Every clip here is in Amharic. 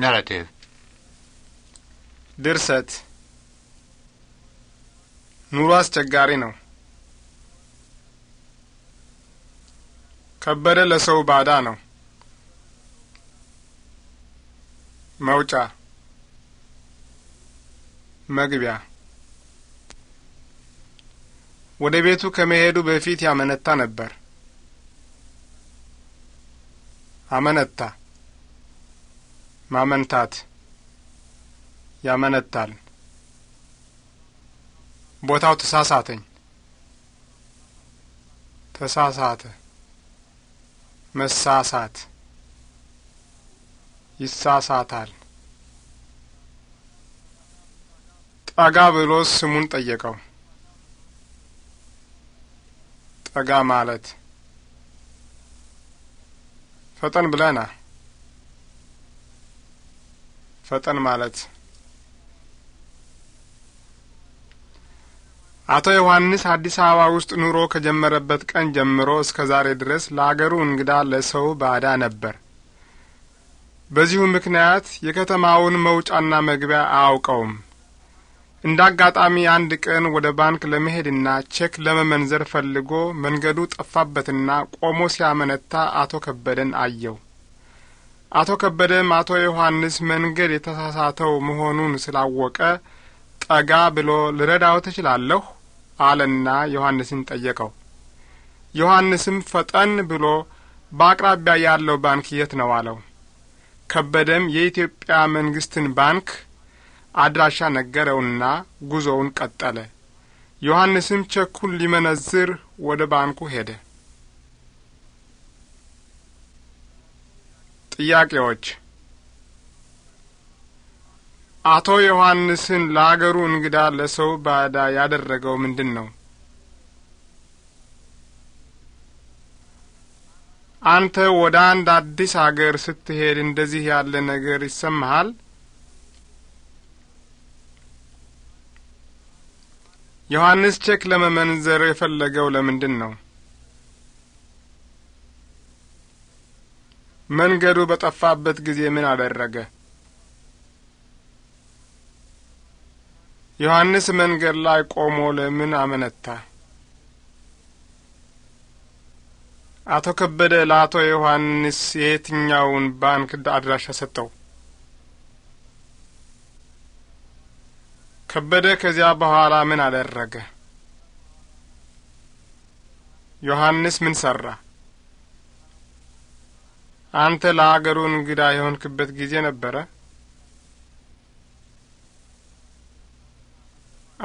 ናራቲቭ ድርሰት ኑሮ አስቸጋሪ ነው። ከበደ ለሰው ባዳ ነው። መውጫ መግቢያ ወደ ቤቱ ከመሄዱ በፊት ያመነታ ነበር። አመነታ ማመንታት ያመነታል። ቦታው ተሳሳተኝ፣ ተሳሳተ፣ መሳሳት፣ ይሳሳታል። ጠጋ ብሎ ስሙን ጠየቀው። ጠጋ ማለት ፈጠን ብለና ፈጠን ማለት። አቶ ዮሐንስ አዲስ አበባ ውስጥ ኑሮ ከጀመረበት ቀን ጀምሮ እስከ ዛሬ ድረስ ለአገሩ እንግዳ ለሰው ባዳ ነበር። በዚሁ ምክንያት የከተማውን መውጫና መግቢያ አያውቀውም። እንደ አጋጣሚ አንድ ቀን ወደ ባንክ ለመሄድና ቼክ ለመመንዘር ፈልጎ መንገዱ ጠፋበትና ቆሞ ሲያመነታ አቶ ከበደን አየው። አቶ ከበደም አቶ ዮሐንስ መንገድ የተሳሳተው መሆኑን ስላወቀ ጠጋ ብሎ ልረዳው ትችላለሁ አለና ዮሐንስን ጠየቀው። ዮሐንስም ፈጠን ብሎ በአቅራቢያ ያለው ባንክ የት ነው አለው። ከበደም የኢትዮጵያ መንግስትን ባንክ አድራሻ ነገረውና ጉዞውን ቀጠለ። ዮሐንስም ቸኩን ሊመነዝር ወደ ባንኩ ሄደ። ጥያቄዎች አቶ ዮሐንስን ለአገሩ እንግዳ ለሰው ባዕዳ ያደረገው ምንድን ነው? አንተ ወደ አንድ አዲስ አገር ስትሄድ እንደዚህ ያለ ነገር ይሰማሃል? ዮሐንስ ቼክ ለመመንዘር የፈለገው ለምንድን ነው? መንገዱ በጠፋበት ጊዜ ምን አደረገ? ዮሐንስ መንገድ ላይ ቆሞ ለምን አመነታ? አቶ ከበደ ለአቶ ዮሐንስ የየትኛውን ባንክ አድራሻ ሰጠው? ከበደ ከዚያ በኋላ ምን አደረገ? ዮሐንስ ምን ሰራ? አንተ ለአገሩ እንግዳ የሆንክበት ጊዜ ነበረ?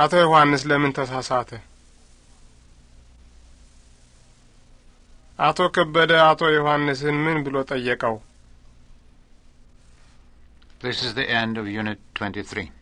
አቶ ዮሐንስ ለምን ተሳሳተ? አቶ ከበደ አቶ ዮሐንስን ምን ብሎ ጠየቀው? This is the end of Unit 23.